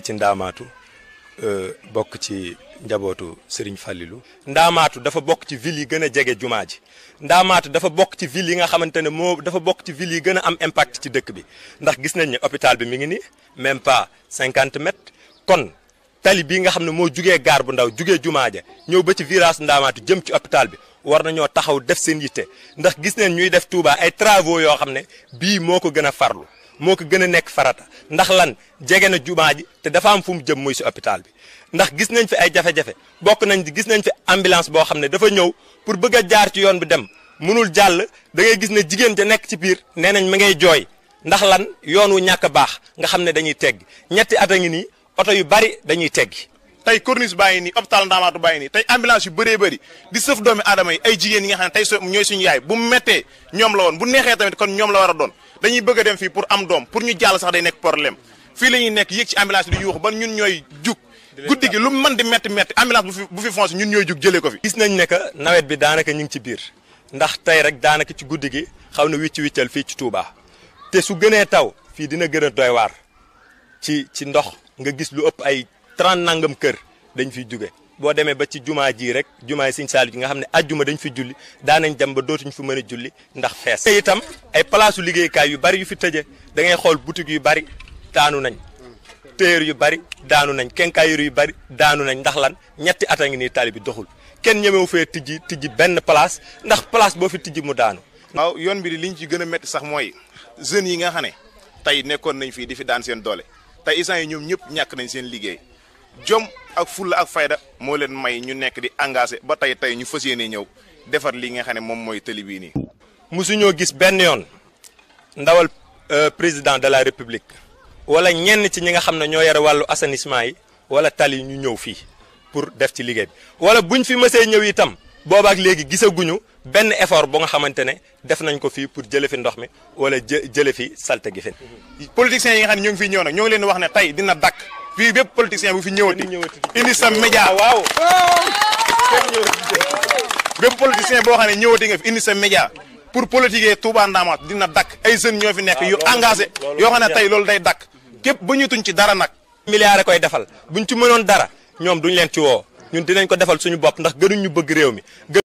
ci ndaamaatu euh, bokk ci njabootu Serigne Fallilou ndaamaatu dafa bokk ci ville yi gën a jege jumaa ji ndaamaatu dafa bokk ci ville yi nga xamante ne moo dafa bokk ci ville yi gën a am impact ci dëkk bi ndax gis nañ ne hôpital bi mi ngi nii même pas cinquante kon tali bii nga xam ne moo jugee gaar bu ndaw jugee jumaa ja ñëw ba ci virage ndaamaatu jëm ci hôpital bi war nañoo taxaw def seen ndax gis ñuy def tuuba ay travo yoo xam ne bii moo ko gën a farlu moo ko gën a nekk farata ndax lan jege na jumaa ji te dafa am fu mu jëm muy si hôpital bi ndax gis nañ fi ay jafe-jafe bokk nañ gis nañ fi ambulance boo xam ne dafa ñëw pour bëgg a jaar ci yoon bu dem mënul jàll da gis ne jigéen ja nekk ci biir nee nañ ma ngay jooy ndax lan yoon wu ñàkk baax nga xam ne dañuy tegg ñetti at a ngi nii oto yu bari dañuy teggi tey corniche bàyyi nii hôpital Ndamaatu bàyyi nii tey ambulance yu bëree bëri di sëf doomi aadama yi ay jigéen yi nga xam ne tey so ñooy suñu yaay bu mettee ñoom la woon bu neexee tamit kon ñoom la war a doon dañuy bëgg a dem fii pour am doom pour ñu jàll sax day nekk problème fii la ñuy nekk yéeg ci ambulance di yuux ba ñun ñooy jug guddi gi lu mën di metti metti ambulance bu fi bu fi foncé ñun ñooy jug jëlee ko fi gis nañ ne que nawet bi daanaka ñu ci biir ndax tey rek daanaka ci guddi gi xaw na wicc wiccal fii ci Touba te su gënee taw fii dina gën a doy waar ci ci ndox nga gis lu ëpp ay trente nangam kër dañ fiy jóge boo demee ba ci jumaa ji rek jumaa yi Sëñ Saaliw nga xam ne ajjuma dañ fi julli daanañ dem ba dootuñ fu mën a julli ndax fees itam ay place u liggéeykaay yu bari yu fi tëje da ngay xool boutique yu bari daanu nañ téer yu bari daanu nañ kenkaayir yu bari daanu nañ ndax lan ñetti at a ngi nii tali bi doxul kenn ñemewu fee tijji tijji benn place ndax place boo fi tijji mu daanu waaw yoon bi di liñ ci gën a métti sax mooy jeunes yi nga xam ne tey nekkoon nañ fii di fi daan seen doole tey isan yi ñoom ñëpp ñàkk nañ seen liggéey jom ak fulla ak fayda moo leen may ñu nekk di engagé ba tey tey ñu fas ne ñëw defar lii nga xam ne moom mooy tëli bii nii. mosuñoo gis benn yoon ndawal euh, président de la république wala ñenn ci ñi nga xam ne ñoo yore wàllu assainissement yi wala tali ñu ñëw fii pour def ci liggéey bi bu ñu fi mësee ñëw itam boobaak léegi gisaguñu benn effort bu nga xamante ne def nañ ko fii pour jële fi ndox mi wala jë jële fi salte gi fi. politiciens yi nga xam ne ñu fi ñëw nag ñoo leen wax ne tey dina dakk fii bépp politicien bu fi ñëwati indi sa média ah, waaw bépp politicien boo xam ne ñëwati nga fi indi sa média pour politiquer Touba Ndamatou dina dakk ay jeunes ñoo fi nekk ah, yu engagé yoo xam ne tey loolu day dakk képp bu ñu ci dara nag milliards koy defal buñ ci mënoon dara ñoom duñ leen ci woo ñun dinañ ko defal suñu bopp ndax gënuñ ñu bëgg réew mi